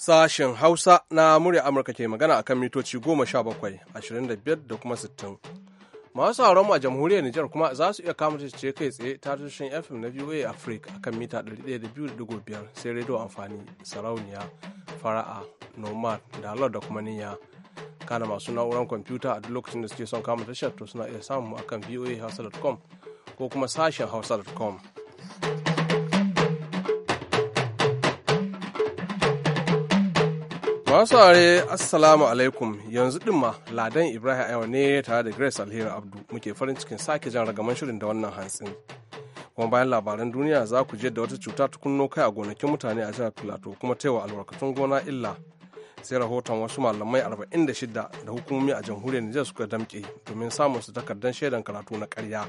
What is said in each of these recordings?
Sashen Hausa na murya Amurka ke magana akan mitoci 17, 25 da kuma 60. Masu sauran a jamhuriyar Nijar kuma za su iya kama ce kai tsaye ta tushen FM na VOA Africa akan mita 102.5 sai rediyo amfani sarauniya fara'a nomad da da kuma niyya. kana masu na'urar kwamfuta a duk lokacin da suke son kama tashar to suna iya samu akan voahausa.com ko kuma sashen hausa.com. Masu are Assalamu alaikum yanzu din ma Ladan Ibrahim Ayo ne tare da Grace Alheri Abdu muke farin cikin sake jan ragaman shirin da wannan hantsin. Kuma bayan labaran duniya za ku je da wata cuta tukunno kai a gonakin mutane a jihar Plateau kuma taiwa albarkatun gona illa. Sai rahoton wasu malamai arba'in da da hukumomi a jamhuriyar Nijar suka damƙe domin samun su takardar shaidan karatu na karya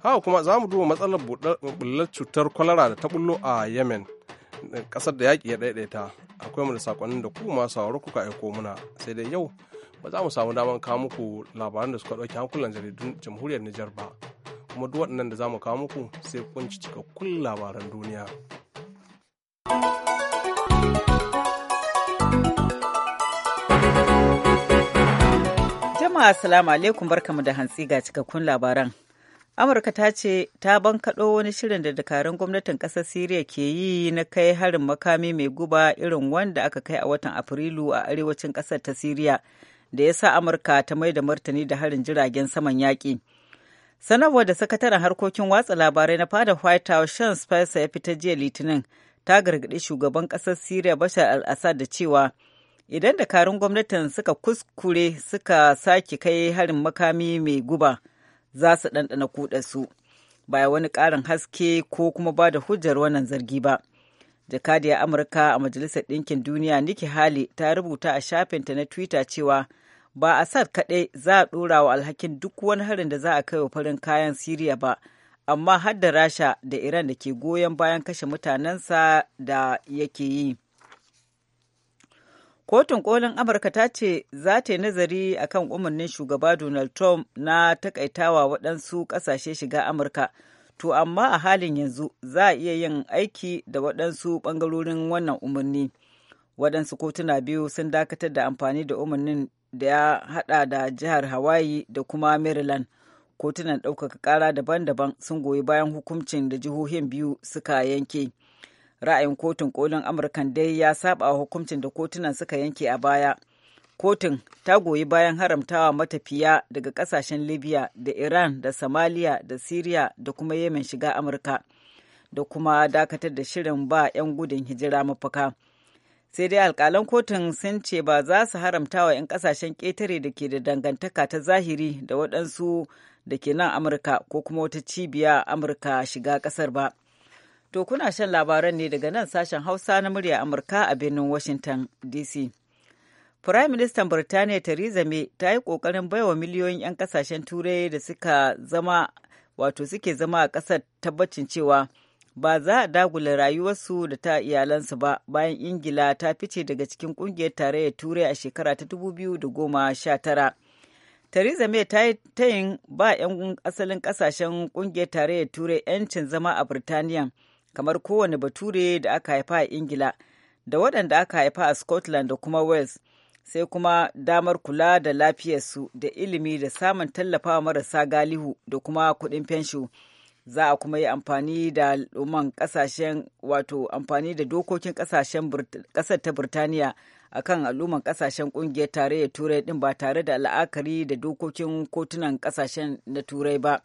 Haka kuma za mu duba matsalar bullar cutar kwalara da ta bullo a Yemen kasar da yaƙi ya ɗaiɗaita akwai mu da sakonnin da ku masu sauraro kuka aiko muna sai dai yau ba za mu samu damar kawo muku labaran da suka ɗauki hankulan jaridun jamhuriyar Nijar ba kuma duk waɗannan da za mu kawo muku sai kun ci cikakkun labaran duniya. Jama'a assalamu alaikum barkamu da hantsi ga cikakkun labaran. amurka ta ce ta bankaɗo wani shirin da dakarun gwamnatin ƙasar siriya ke yi na kai harin makami mai guba irin wanda aka kai a watan afrilu a arewacin ƙasar ta siriya da ya sa amurka ta mai da martani da harin jiragen saman yaƙi sanarwa da sakataren harkokin watsa labarai na fada white house sean spicer ya fita jiya litinin ta gargaɗi shugaban ƙasar siriya bashar al-assad da cewa idan dakarun gwamnatin suka kuskure suka sake kai harin makami mai guba za su ɗanɗana su ba wani ƙarin haske ko kuma ba da hujjar wannan zargi ba. jakadiyar amurka a majalisar ɗinkin duniya nikki hali ta rubuta a shafinta na twitter cewa ba assad kaɗai za a ɗora wa alhakin duk wani harin da za a kai wa farin kayan siriya ba amma har da rasha da iran da ke goyon bayan kashe mutanensa da yake yi Kotun kolin Amurka ta ce za ta yi nazari akan umarnin shugaba Donald Trump na takaitawa waɗansu ƙasashe shiga Amurka. To, amma a halin yanzu za a iya yin aiki da waɗansu ɓangarorin wannan umarni. Waɗansu kotuna biyu sun dakatar da amfani da umarnin da ya haɗa da jihar Hawaii da kuma Maryland. Kotunan ɗaukaka ƙara daban-daban sun goyi bayan hukuncin da jihohin biyu suka yanke. ra'ayin kotun kolin amurkan dai ya saba hukuncin da kotunan suka yanke a baya kotun ta goyi bayan haramtawa matafiya daga kasashen libya da iran da somalia da syria da kuma yemen shiga amurka da kuma dakatar da shirin ba 'yan gudun hijira mafaka sai dai alkalan kotun sun ce ba za su haramtawa 'yan kasashen ketare da ke da dangantaka ta zahiri da waɗansu da ke nan amurka ko kuma wata cibiya amurka shiga ƙasar ba To kuna shan labaran ne daga nan sashen Hausa na murya Amurka a birnin Washington DC. Firayim Ministan Birtaniya Theresa May ta yi ƙoƙarin baiwa miliyoyin 'yan kasashen Turai da suka zama wato suke zama a ƙasar tabbacin cewa ba za a dagula rayuwarsu da ta iyalansu ba bayan Ingila ta fice daga cikin ƙungiyar tarayyar Turai a shekara ta 2019. Theresa May ta yi tayin ba 'yan asalin kasashen ƙungiyar tarayyar Turai 'yancin zama a Birtaniya. kamar kowane bature da aka haifa a ingila da waɗanda aka haifa a scotland da kuma wales sai kuma damar kula da lafiyarsu da ilimi da samun tallafawa marasa galihu da kuma kuɗin fensho za a kuma yi amfani da al'umman ƙasashen wato amfani da dokokin ƙasashen ƙasar ta burtaniya kan al'umman ƙasashen ƙungiyar tarayyar turai ɗin ba tare da la'akari da dokokin kotunan ƙasashen na turai ba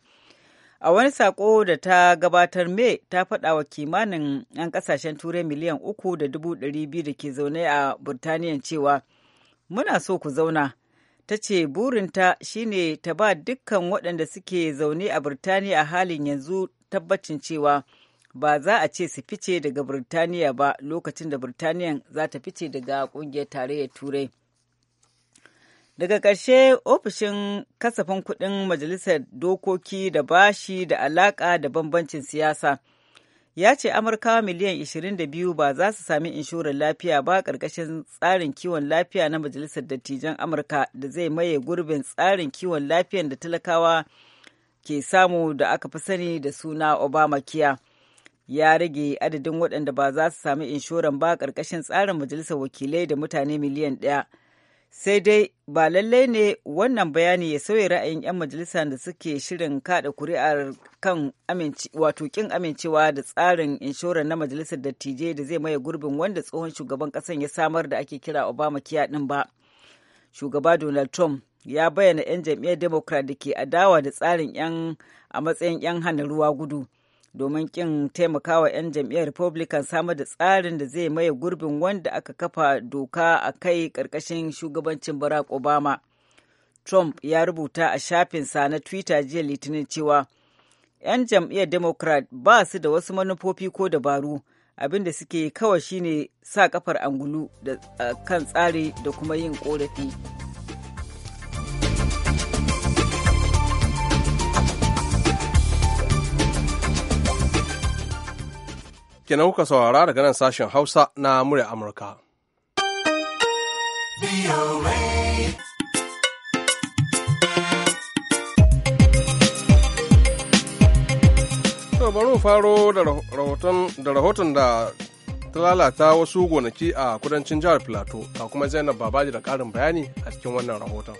a wani sako da ta gabatar me ta faɗa wa kimanin 'yan kasashen turai miliyan uku da dubu ɗari biyu da ke zaune a burtaniya cewa muna so ku zauna ta ce burinta shine ta ba dukkan waɗanda suke zaune a burtaniya a halin yanzu tabbacin cewa ba za a ce su fice daga burtaniya ba lokacin da burtaniya za ta fice daga ƙungiyar tarayyar turai Daga ƙarshe ofishin kasafin kuɗin Majalisar Dokoki da bashi da alaƙa da bambancin siyasa. Ya ce Amurkawa miliyan 22 ba za su sami inshorar lafiya ba ƙarƙashin tsarin kiwon lafiya na Majalisar Dattijan Amurka da zai maye gurbin tsarin kiwon lafiyan da talakawa ke samu da aka fi sani da suna obama kiya Ya rage adadin waɗanda ba za su sami inshoran ba ƙarƙashin tsarin Majalisar Wakilai da mutane miliyan ɗaya. sai dai ba lallai ne wannan bayani ya sauya ra'ayin 'yan majalisa da suke shirin kada kuri'ar kan wato kin amincewa da tsarin inshorar na majalisar dattijai da zai maye gurbin wanda tsohon shugaban kasan ya samar da ake kira obama kiya din ba shugaba donald trump ya bayyana 'yan jam'iyyar democrat da ke adawa da tsarin 'yan a matsayin 'yan hana ruwa gudu domin kin taimakawa 'yan jam'iyyar republican samar da tsarin da zai maye gurbin wanda aka kafa doka a kai ƙarƙashin shugabancin barack obama trump ya rubuta a shafin sa na twitter jiya litinin cewa 'yan jam'iyyar democrat ba su da wasu manufofi ko dabaru abin da suke kawai shine sa kafar angulu da kan tsari da kuma yin ƙorafi. kenan kuka saurara daga nan sashen Hausa na murya Amurka. bari mu faro da rahoton da ta lalata wasu gonaki a kudancin jihar Plateau, ga kuma Zainab Babaji da ƙarin bayani a cikin wannan rahoton.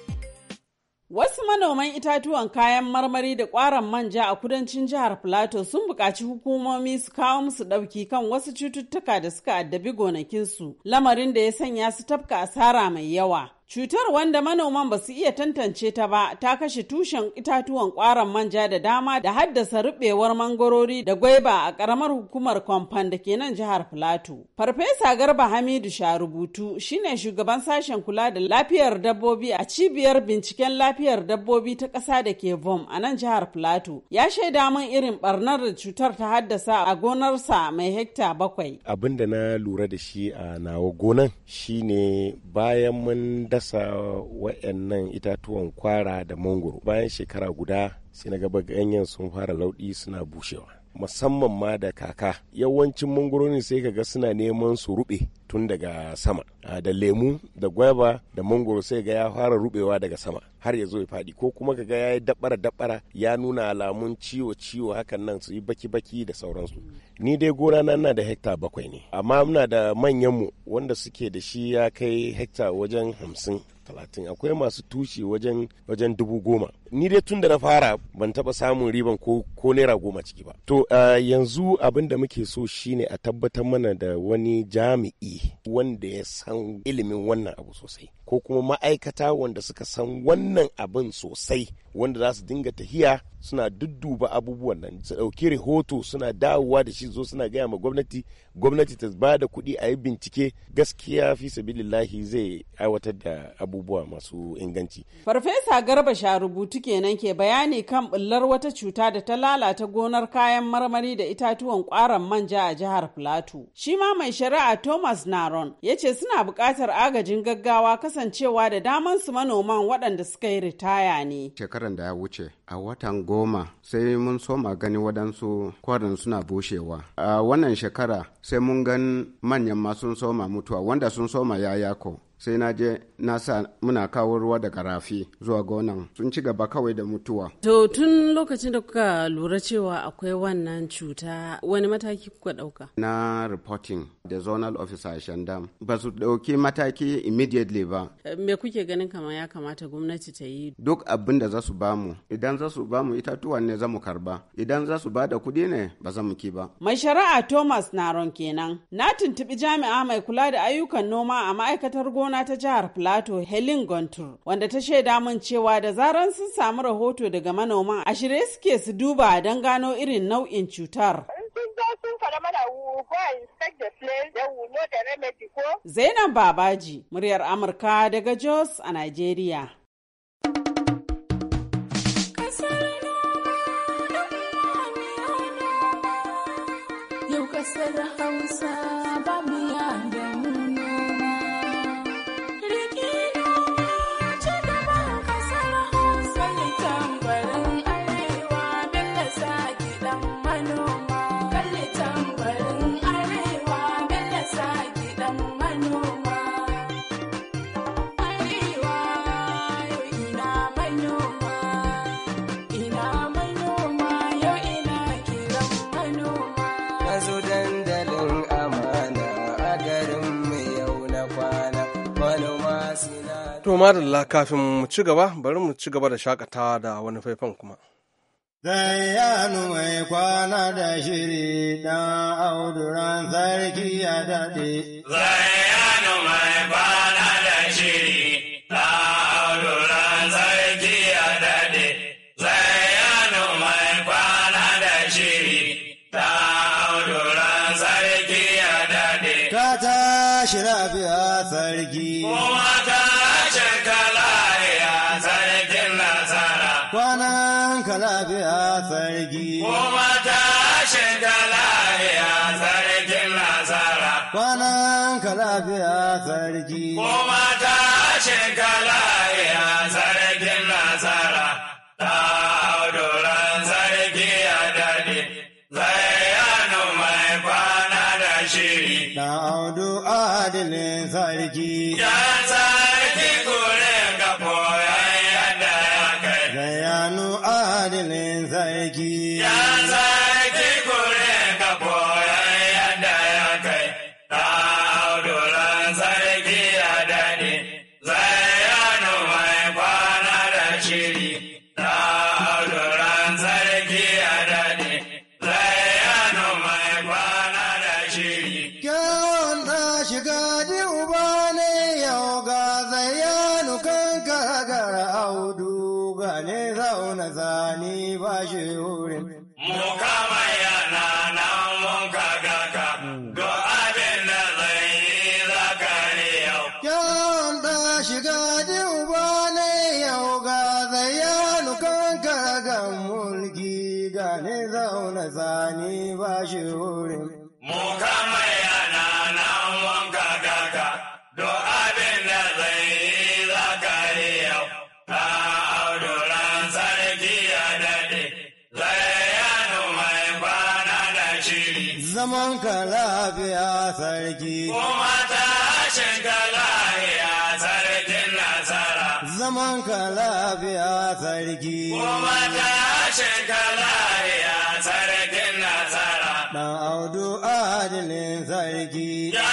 Wasu manoman itatuwan kayan marmari da ƙwaron manja a kudancin jihar Plateau sun buƙaci hukumomi su kawo musu ɗauki kan wasu cututtuka da suka addabi gonakinsu, lamarin da ya sanya su tafka asara mai yawa. Cutar wanda manoman ba su iya tantance ta ba ta kashe tushen itatuwan kwaron manja da dama da haddasa rubewar mangorori da gwaiba a karamar hukumar kwamfan da ke nan jihar Filato. Farfesa Garba Hamidu Sharubutu shine shugaban sashen kula da lafiyar dabbobi a cibiyar binciken lafiyar dabbobi ta ƙasa da ke Vom a nan jihar Filato. Ya shaida min irin barnar da cutar ta haddasa a gonarsa mai hekta bakwai. Abin na lura da shi a nawa gonan shine bayan mun dasa wa'annan itatuwan kwara da mangoro bayan shekara guda sai na gaba ganyen sun fara lauɗi suna bushewa musamman ma da kaka yawancin ne sai ka ga suna neman su rube tun daga sama ah, da lemu da gwaiba da mangoro sai ga ya fara rubewa daga sama har ya zo ya fadi ko kuma ga ya yi dabbara dabbara ya nuna alamun ciwo ciwo hakan nan su yi baki baki da sauransu ni dai gona na na da hekta bakwai ne amma muna da manyan mu wanda suke da shi ya kai hekta wajen hamsin talatin akwai masu tushe wajen wajen dubu goma ni dai tun da na fara ban taba samun riban ko ko naira goma ciki ba to yanzu abin da muke so shine a tabbatar mana da wani jami'i wanda ya san ilimin wannan abu sosai ko kuma ma'aikata wanda suka san wannan abin sosai wanda za su dinga tahiya suna dudduba abubuwan nan su ɗauki rahoto suna dawowa da shi zo suna gaya ma gwamnati gwamnati ta ba da kuɗi a yi bincike gaskiya fi sabilillahi zai aiwatar da abubuwa masu inganci farfesa garba sha rubutu Abinci kenan ke bayani kan bullar wata cuta da ta lalata gonar kayan marmari da itatuwan kwaran manja a jihar Filato. Shi ma mai shari'a Thomas Naron ya ce suna buƙatar agajin gaggawa kasancewa da daman su manoman waɗanda suka yi ritaya ne. Shekaran da ya wuce a watan goma sai mun soma gani waɗansu kwarin suna bushewa. A wannan shekara sai mun gan manyan ma sun soma mutuwa wanda sun soma yayako. sai na je na sa muna kawo ruwa daga rafi zuwa gonan sun ci gaba kawai da mutuwa. To tun lokacin da kuka lura cewa akwai wannan cuta wani mataki kuka ɗauka? Na reporting da zonal officer Shandam ba su ɗauki mataki immediately ba. Eh, me kuke ganin kamar ya kamata gwamnati ta yi? Duk abin da za su bamu idan za su bamu itatuwan ne za mu karba idan za su ba da kuɗi ne ba za mu ki ba. Mai shari'a Thomas Naron kenan na tuntuɓi jami'a mai kula da ayyukan noma a ma'aikatar gona mazauna ta jihar Plateau Helen Gontur wanda ta shaida min cewa da zaran sun samu rahoto daga manoma. a shirye suke su duba don gano irin nau'in cutar. Zainab Babaji, muryar Amurka daga Jos a nigeria. Yau kasar Hausa. To madalla kafin mu ci gaba bari mu ci gaba da shakatawa da wani faifan kuma. Zayyanu mai kwana da shiri da auduran sarki ya daɗe. Zayyanu mai kwana da shiri da auduran sarki ya daɗe. Zayyanu mai kwana da shiri da auduran sarki ya daɗe. Ka tashi lafiya sarki. Kuma sarki. kuma ta shaida lahiya sarkin nasara. Kwanan ka lafiya sarki. Kowa ta shaida lahiya sarki. yeah. sarki. Kuma ta ka lahiya sarkin nasara. Zaman ka lafiya sarki. Kuma ta ka lahiya sarkin nasara. ɗan audu adilin sarki. Ya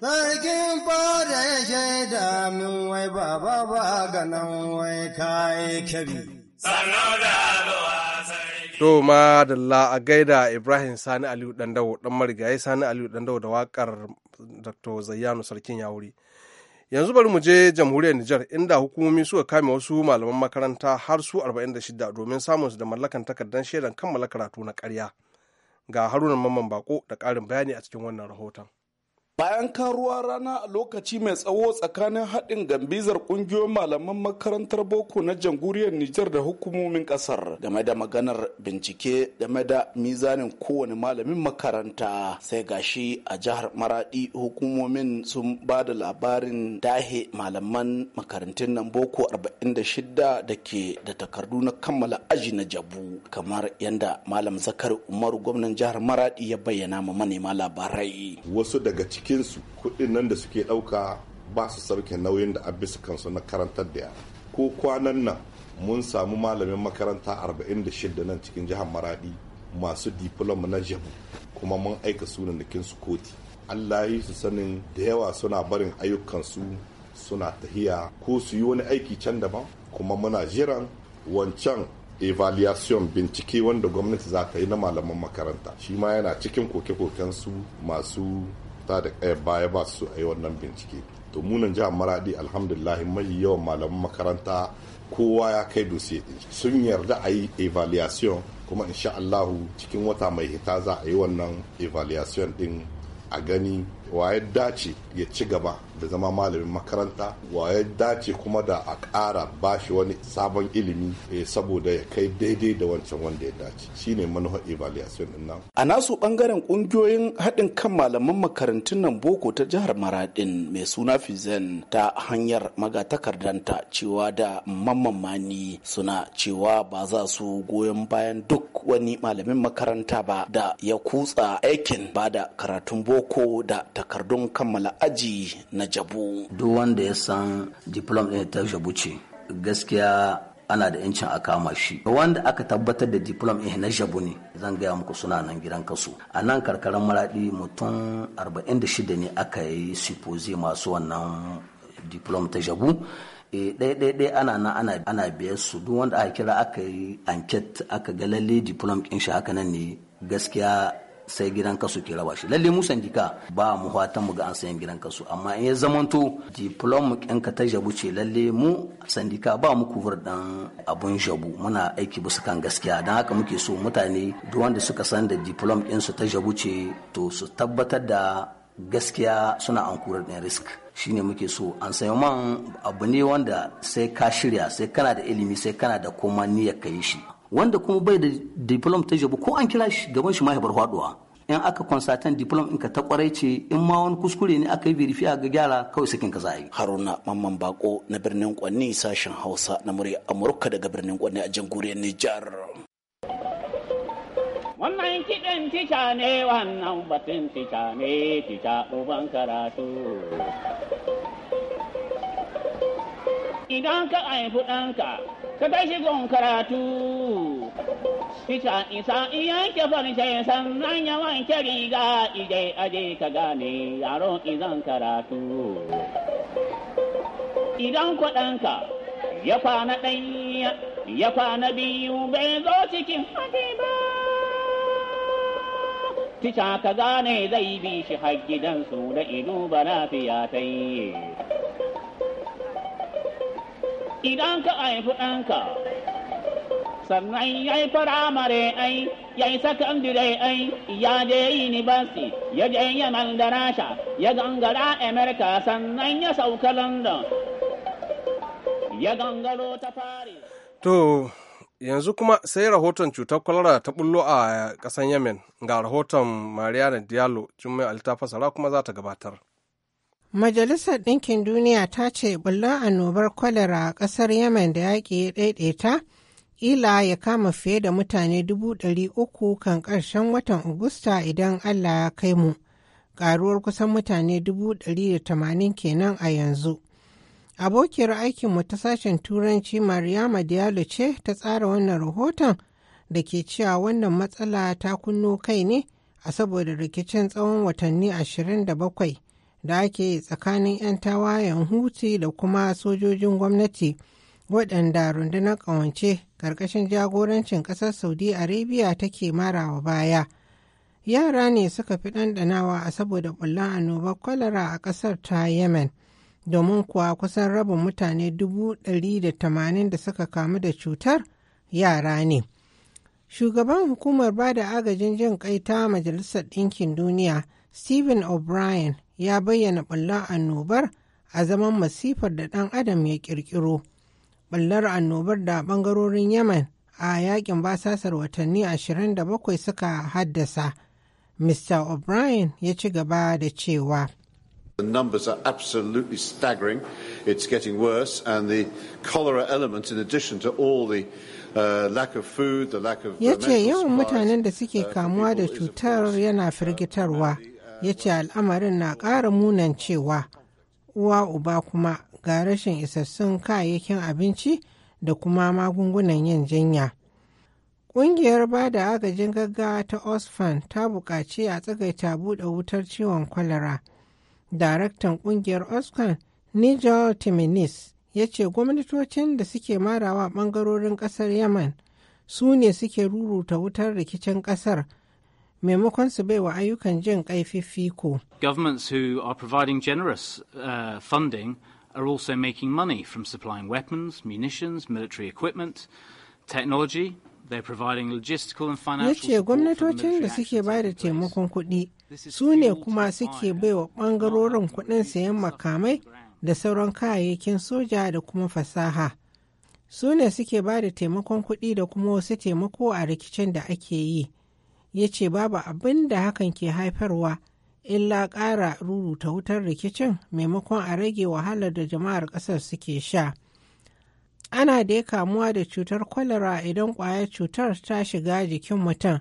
sarkin fada ya shaida wai baba ba ganin wai kayi da To ma da a gaida Ibrahim Sani Aliyu Dandawo dan marigayi Sani Aliyu Dandawo da wakar Dr. Zayyano Sarkin Yawuri. Yanzu bari mu je jamhuriyar Nijar inda hukumomi suka kame wasu malaman makaranta har su 46 domin samun su da mallakan takardar shaidan kammala karatu na karya ga haruna mamman bako da ƙarin bayani a cikin wannan rahoton bayan kan rana a lokaci mai tsawo tsakanin haɗin gambizar ƙungiyoyin malaman makarantar boko na jamhuriyar nijar da hukumomin ƙasar game da maganar bincike game da mizanin kowane malamin makaranta sai gashi a jihar maradi hukumomin sun ba da labarin dahe malaman makarantun nan boko 46 da ke da takardu na kammala aji na jabu kamar yadda malam zakar umaru gwamnan jihar maradi ya bayyana ma manema labarai wasu daga ciki cikinsu kuɗin nan da suke ɗauka ba su sauke nauyin da abisa kansu na karantar da yara ko kwanan nan mun samu malamin makaranta 46 nan cikin jihar maradi masu diploma na jabu kuma mun aika sunan da su koti allah yi su sanin da yawa suna barin ayyukansu suna tahiya ko su yi wani aiki can daban kuma muna jiran wancan evaluation bincike wanda gwamnati za ta yi na malaman makaranta shi ma yana cikin koke-kokensu masu ta da kayar eh, baya ba su a yi wannan bincike to munan jihar maradi alhamdulillah mai yawan malaman makaranta kowa ya kai dosiye sun yarda a yi evaluation kuma insha Allahu cikin wata mai hita za a yi wannan evaluation din a gani wa ya dace ya ci gaba da zama malamin makaranta wa ya dace kuma da a ƙara bashi wani sabon ilimi eh, saboda ya kai daidai da wancan wanda ya dace shine manufar evaluation din nan a nasu bangaren kungiyoyin haɗin kan malaman makarantun nan boko ta jihar maradin mai suna fizen ta hanyar magatakardanta cewa da mamamani suna cewa ba za su goyon bayan duk wani malamin makaranta ba da ya kutsa aikin ba da karatun boko da takardun kammala aji na jabu. Duk wanda ya san diplom ɗin ta jabu ce gaskiya ana da yancin a kama shi wanda aka tabbatar da diplom ɗin na jabu ne zan gaya muku suna nan gidan kasu a nan karkarar maraɗi mutum 46 ne aka yi sifozi masu wannan diplom ta jabu e ɗaya ana na ana ana biyar su duk wanda aka kira aka yi anket aka ga lalle diplom ɗin shi haka nan ne gaskiya sai gidan kasu ke raba shi lalle mu sandika ba mu fatan mu ga an sayan gidan kasu amma in ya zamanto diplom ka ta jabu ce lalle mu sandika ba mu kufur dan abun jabu muna aiki bisa kan gaskiya dan haka muke so mutane duk wanda suka san da diplom su ta jabu ce to su tabbatar da gaskiya suna an kurar ɗin risk shine muke so an sayo man abu ne wanda sai ka shirya sai kana da ilimi sai kana da kuma niyyar ka yi shi wanda kuma bai da diplom ta jabu ko an kira shi gaban shi mahaifar ya in aka konsatan diplom inka ta kwarai ce in ma wani kuskure ne aka yi birifiya ga gyara kawai sakin ka za yi. Haruna Mamman Bako na birnin Kwanni sashen Hausa na murya Amurka daga birnin Kwanni a jamhuriyar Nijar. Wannan kiɗan tica ne wannan batun tica ne tica uban karatu. Idan ka aifi ɗanka ka kai shi karatu. Isa isa iya ke farce sannan ya wanke riga ije aje ka gane yaro izan karatu. Idan kwaɗanka ya kwana ɗanya ya kwana biyu bai zo cikin haɗe ba. Tica ka gane zai bi shi har gidansu da ido ba fiya ta idan ka haifi ɗanka sannan ya yi firamare ai ya yi sakandire ai ya je yunibasi ya je yaman da rasha ya gangara america sannan ya sauka london ya gangaro ta paris to yanzu kuma sai rahoton cutar kwalara ta bullo a kasan yemen ga rahoton mariana diallo jummai alita fasara kuma za ta gabatar Majalisar Ɗinkin Duniya ta ce bullon annobar kwalara a ƙasar Yemen da yaƙi ya ɗaiɗaita, ƙila ya kama fiye da mutane dubu ɗari uku kan ƙarshen watan Agusta idan Allah ya kai mu. Ƙaruwar kusan mutane dubu ɗari da tamanin kenan a yanzu. Abokiyar aikinmu ta sashen Turanci Mariyama Diallo ce ta tsara wannan rahoton da ke cewa wannan matsala ta kunno kai ne a saboda rikicin tsawon watanni ashirin da bakwai. da ake tsakanin 'yan tawayen huti da kuma sojojin gwamnati waɗanda rundunar ƙawance ƙarƙashin jagorancin ƙasar saudi arabia take marawa baya yara ne suka fi ɗanɗanawa a saboda ɓullan annobar kwalara a ƙasar ta yemen domin kuwa kusan rabin mutane dubu ɗari da tamanin da suka kamu da cutar yara ne shugaban hukumar ba da agajin jin kai ta majalisar ɗinkin duniya Stephen O'Brien ya bayyana ɓullar annobar a zaman masifar da ɗan adam ya ƙirƙiro. Ɓullar annobar da ɓangarorin Yemen a yakin basasar watanni 27 suka haddasa. Mr. O'Brien ya ci gaba da cewa. The numbers are absolutely staggering. It's getting worse, and the cholera element, in addition to all the uh, Ya ce yawan mutanen da suke uh, kamuwa da cutar yana uh, firgitarwa. ya ce al'amarin na ƙara munan cewa uwa uba kuma ga rashin isassun kayayyakin abinci da kuma magungunan yin jinya. Ƙungiyar ba da agajin gaggawa ta Osfan ta buƙaci a tsagaita buɗe wutar ciwon kwalara. Daraktan ƙungiyar Osfan, Nigel Timinis, ya ce gwamnatocin da suke marawa ɓangarorin ƙasar Yaman su ne suke ruruta wutar rikicin ƙasar maimakon su baiwa ayyukan jin kai fifiko. Governments who are providing generous uh, funding are also making money from supplying weapons, munitions, military equipment, technology. They're providing logistical and financial Yace gwamnatocin da suke ba da taimakon kuɗi su ne kuma suke bai wa ɓangarorin kuɗin sayan makamai da sauran kayayyakin soja da kuma fasaha. Su ne suke bayar da taimakon kuɗi da kuma wasu taimako a rikicin da ake yi. ya ce babu abin da hakan ke haifarwa illa ƙara ruruta wutar rikicin maimakon a rage wahalar da jama'ar ƙasar suke sha. Ana da ya kamuwa da cutar kwalara idan ƙwayar cutar ta shiga jikin mutum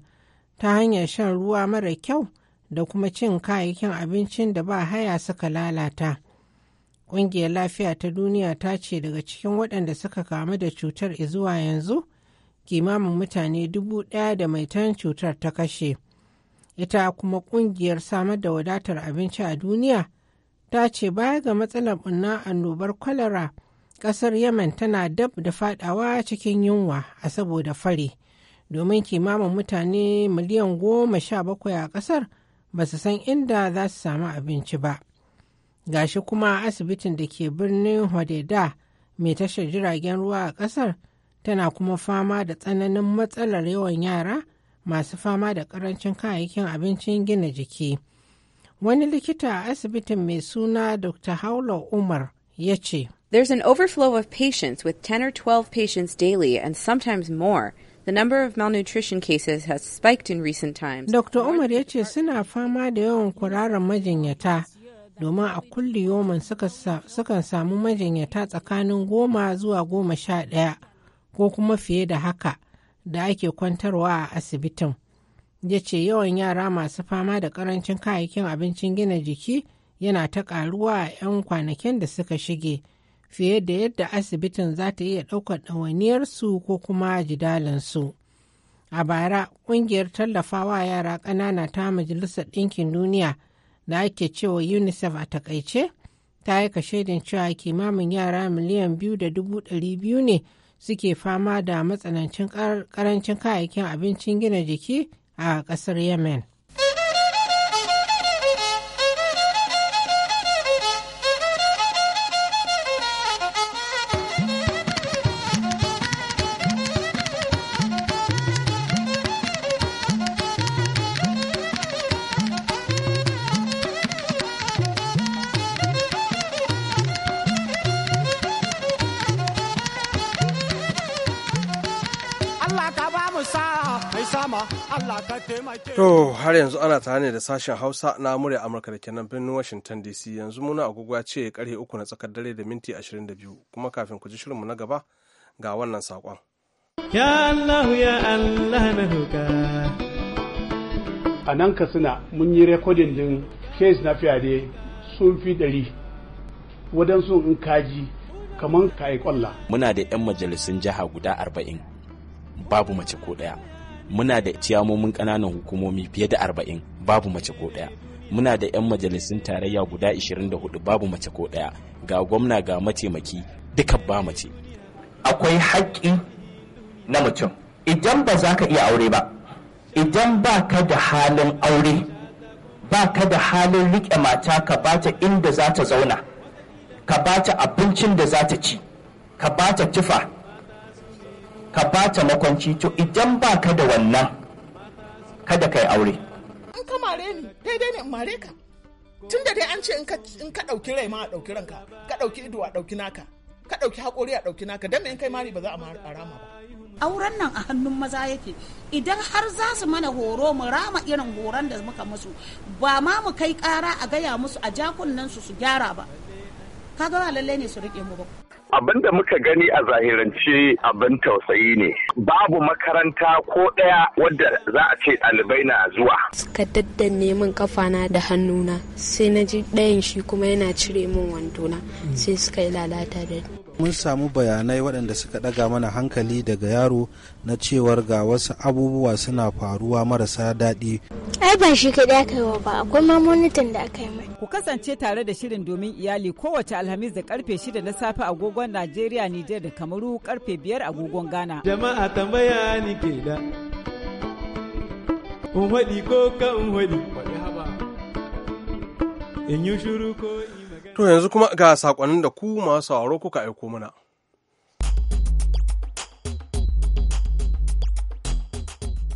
ta hanyar shan ruwa mara kyau da kuma cin kayayyakin abincin da ba haya suka lalata. Ƙungiyar lafiya ta duniya ta ce daga cikin waɗanda suka kamu da cutar izuwa yanzu kimamin mutane dubu ɗaya da mai tan cutar ta kashe ita kuma ƙungiyar samar da wadatar abinci a duniya ta ce baya ga matsalar ɓunna annobar kwalara ƙasar yemen tana dab da fadawa cikin yunwa a saboda fari domin kimamin mutane miliyan goma sha bakwai a ƙasar ba su san inda za su samu abinci ba gashi kuma asibitin da ke birnin hodeda mai tashar jiragen ruwa a ƙasar tana kuma fama da tsananin matsalar yawan yara masu fama da karancin kayayyakin abincin gina jiki. Wani likita a asibitin mai suna Dr. Haula Umar ya ce, There's an overflow of patients with 10 or 12 patients daily and sometimes more. The number of malnutrition cases has spiked in recent times. Dr. Umar ya ce suna fama da yawan kurarar majinyata domin a kulli yoman sukan samu majinyata tsakanin goma zuwa goma sha ɗaya ko kuma fiye da haka da ake kwantarwa a asibitin ya ce yawan yara masu fama da karancin kayayyakin abincin gina jiki yana ta karuwa a 'yan kwanakin da suka shige fiye da yadda asibitin za ta iya ɗaukar ɗawainiyarsu ko kuma jidalinsu a bara ƙungiyar tallafawa yara ƙanana ta majalisar ɗinkin duniya da ake cewa unicef a takaice ta yi kashedin cewa kimamin yara miliyan biyu da dubu ɗari biyu ne suke fama da matsanancin karancin kayayyakin abincin gina jiki a ƙasar yemen To har yanzu ana tare ne da sashen Hausa na murya Amurka da ke nan birnin Washington DC yanzu muna agogo ya ce karhe uku na tsakar dare da minti 22 kuma kafin ku ji shirinmu na gaba ga wannan saƙon. Ya Allah ya Allah na roƙa. A nan Katsina mun yi rekodin din kes na fiyade sun fi ɗari wadansu in kaji kamar ka yi kwalla. Muna da 'yan majalisun jiha guda arba'in babu mace ko ɗaya. muna da ciyamomin ƙananan hukumomi fiye da arba'in babu mace ko ɗaya muna da 'yan majalisun tarayya guda 24 babu mace ko ɗaya ga gwamna ga mataimaki duka ba mace akwai haƙƙi na mutum idan ba za ka iya aure ba idan ba ka da halin aure ba ka da halin riƙe mata ka ba ta inda za ta zauna ka ba ta abincin da za ta ci ka ba ta tufa ka bata makwanci to idan ba ka da wannan kada ka yi aure in ka mare ni daidai ne in mare ka tun da dai an ce in ka ɗauki rai ma a ɗauki ranka ka ɗauki ido a ɗauki naka ka ɗauki haƙori a ɗauki naka don in kai mari ba za a rama ba auren nan a hannun maza yake idan har za su mana horo mu rama irin horon da muka musu ba ma mu kai ƙara a gaya musu a jakunan su su gyara ba ga ba lallai ne su riƙe mu ba Abin da muka gani a zahirance abin tausayi ne. Babu makaranta ko ɗaya wadda za a ce ɗalibai na zuwa. Suka daddanne min kafana da hannuna sai na ji ɗayan shi kuma yana cire min wandona sai suka yi lalata da mun samu bayanai waɗanda suka ɗaga mana hankali daga yaro na cewar ga wasu abubuwa suna faruwa marasa daɗi. Ai ba shi kaɗai aka yi ba akwai mamonitan da aka yi mai. Ku kasance tare da shirin domin iyali kowace alhamis da karfe shida na safe agogon agogon Najeriya, Nijar da Kamaru karfe biyar agogon Ghana. Jama'a tambaya ni ke da. In ko ka in In yi shuru ko To yanzu kuma ga saƙonin da ku masu sauraro kuka aiko mana.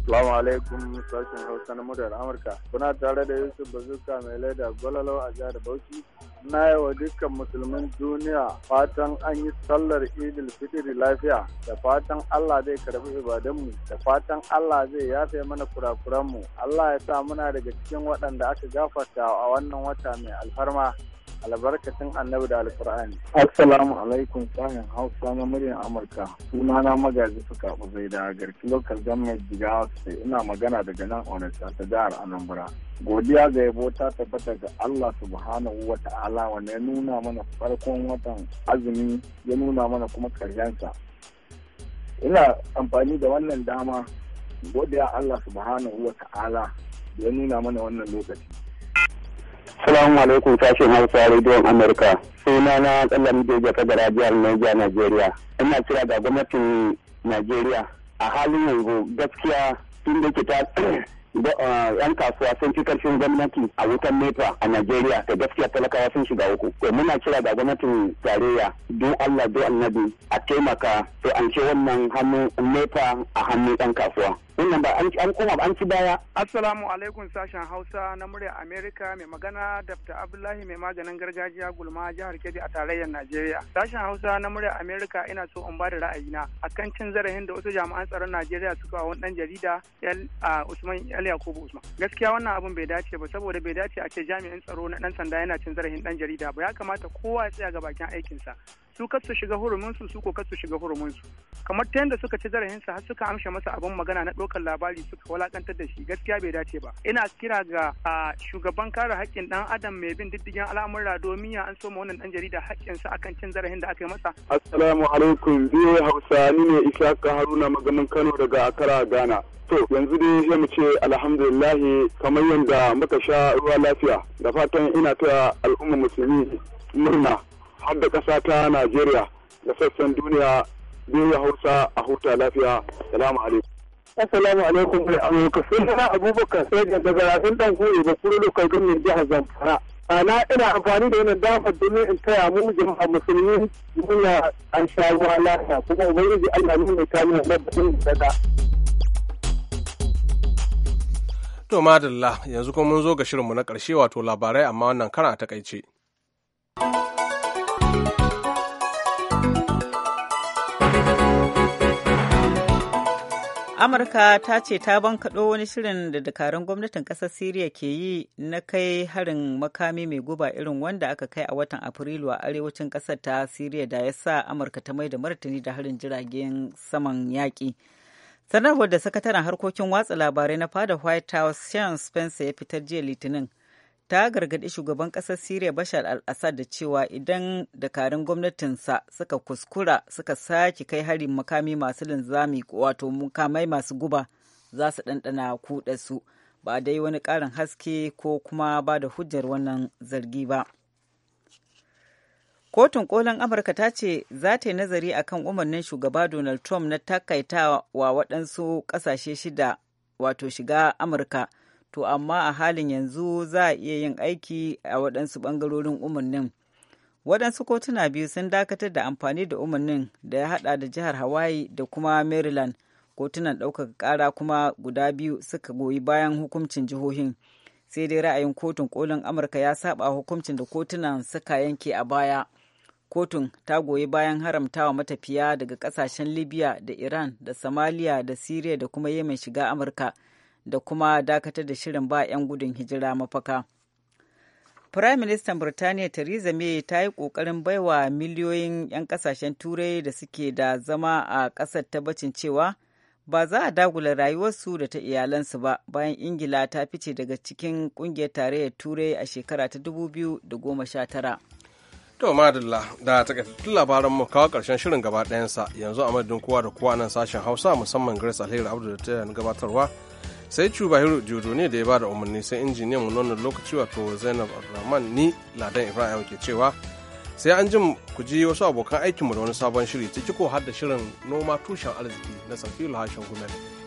Salamu alaikum sashen Hausa na Muryar Amurka. Kuna tare da Yusuf Bazuka mai laida gwalalo a jihar Bauchi. na yi wa dukkan musulmin duniya fatan an yi sallar idil fitiri lafiya da fatan Allah zai karbi ibadanmu, da fatan Allah zai yafe mana kurakuranmu Allah ya sa muna daga cikin waɗanda aka gafarta a wannan wata mai alfarma albarkacin annabi da alkur'ani assalamu alaikum tsarin hausa na muryar amurka suna na magaji suka zai da garki lokal government jigawa state ina magana daga nan onitsha ta jihar anambra godiya ga yabo ta tabbata ga allah subhanahu wa ta'ala wanda ya nuna mana farkon watan azumi ya nuna mana kuma karyansa ina amfani da wannan dama godiya allah subhanahu wa ta'ala da ya nuna mana wannan lokaci Salamu alaikum sashen Hausa rediyon Amurka. Suna na tsallan Doja Kadara jihar Niger Najeriya. Ina kira ga gwamnatin Najeriya. A halin yanzu gaskiya tun da ke ta ah, yan kasuwa sun ci karshen gwamnati a wutan nepa a Najeriya da gaskiya talakawa sun shiga uku. To muna kira ga gwamnatin tarayya don Allah don annabi a taimaka to an ce wannan hannun nepa a hannun yan kasuwa. wannan ba an koma an ci baya. Assalamu alaikum sashen Hausa na murya Amerika mai magana Dr. Abdullahi mai maganin gargajiya gulma jihar Kebbi a tarayyar Najeriya. Sashen Hausa na murya Amerika ina so in ba da na. ra'ayina akan cin zarafin da wasu jami'an tsaron Najeriya suka wa dan jarida a Usman El Yakubu Usman. Gaskiya wannan abun bai dace ba saboda bai dace a ce jami'in tsaro na dan sanda yana cin zarafin dan jarida ba ya kamata kowa ya tsaya ga bakin aikinsa. su kar shiga huruminsu su ko kar su shiga huruminsu kamar ta yadda suka ci zarafinsa har suka amsha masa abin magana na ɗaukar labari suka walakantar da shi gaskiya bai dace ba ina kira ga shugaban kare haƙƙin ɗan adam mai bin diddigin al'amura domin ya an soma wannan ɗan jarida haƙƙinsa akan cin zarafin da aka yi masa. assalamu alaikum biyu hausa ni ne isaka haruna maganin kano daga akara ghana. To yanzu dai zai mu ce alhamdulillahi kamar yadda muka sha ruwa lafiya da fatan ina ta al'umma musulmi murna har da ƙasa ta Najeriya da sassan duniya biyu ya Hausa a huta lafiya. Salamu alaikum. Assalamu alaikum wa amurka sunana Abubakar sai da daga rafin dan koyi da kuro lokal jihar Zamfara. Ana ina amfani da wannan damar domin in taya mu jama'a musulmi muna an sha ruwa lafiya kuma ubangiji Allah ne mai kawo da batun daga. To madalla yanzu kuma mun zo ga shirinmu na ƙarshe wato labarai amma wannan kara a takaice. amurka ta ce ta bankaɗo wani shirin da dakarun gwamnatin ƙasar siriya ke yi na kai harin makami mai guba irin wanda aka kai a watan afrilu a arewacin ƙasar ta siriya da ya sa amurka ta mai da martani da harin jiragen saman yaƙi sanarwar da sakataren harkokin watsa labarai na fada white house sean spencer ya fitar jiya litinin ta gargaɗi shugaban ƙasar Siriya Bashar al-Assad da cewa idan dakarun gwamnatinsa suka kuskura suka sake kai harin makami masu linzami wato mukamai masu guba za su ɗanɗana kuɗa su ba dai wani ƙarin haske ko kuma ba da hujjar wannan zargi ba. Kotun kolin Amurka ta ce za ta yi nazari akan umarnin shugaba Donald Trump na takaitawa waɗansu ƙasashe shida wato shiga Amurka. to amma a halin yanzu za a iya yin aiki a waɗansu ɓangarorin umarnin. Waɗansu kotuna biyu sun dakatar da amfani da umarnin da ya haɗa da jihar Hawaii da kuma Maryland. Kotunan ɗaukaka ƙara kuma guda biyu suka goyi bayan hukuncin jihohin. Sai dai ra'ayin kotun kolin Amurka ya saba hukuncin da kotunan suka yanke a baya. Kotun ta goyi bayan haramtawa matafiya daga ƙasashen Libya da Iran da Somalia da Siriya da kuma Yemen shiga Amurka. da kuma dakatar da shirin ba 'yan gudun hijira mafaka. Prime Ministan Birtaniya Theresa May ta yi ƙoƙarin baiwa miliyoyin 'yan kasashen Turai da suke da zama a ƙasar tabbacin cewa ba za a dagula rayuwarsu da ta iyalansu ba bayan Ingila ta fice daga cikin ƙungiyar tarayyar Turai a shekara ta 2019. To madalla da ta labaran mu kawo karshen shirin gaba ɗayansa yanzu a madadin kowa da kowa nan sashen Hausa musamman Grace Alheri Abdu da ta gabatarwa sai Cubahiro Jojo ne da ya ba da umarni sai injiniyan mu wannan lokaci wato Zainab Abdulrahman ni Ladan Ibrahim ke cewa sai an jin ku ji wasu abokan aikinmu da wani sabon shiri ciki ko har da shirin noma tushen arziki na Safiul lahashin Gumel.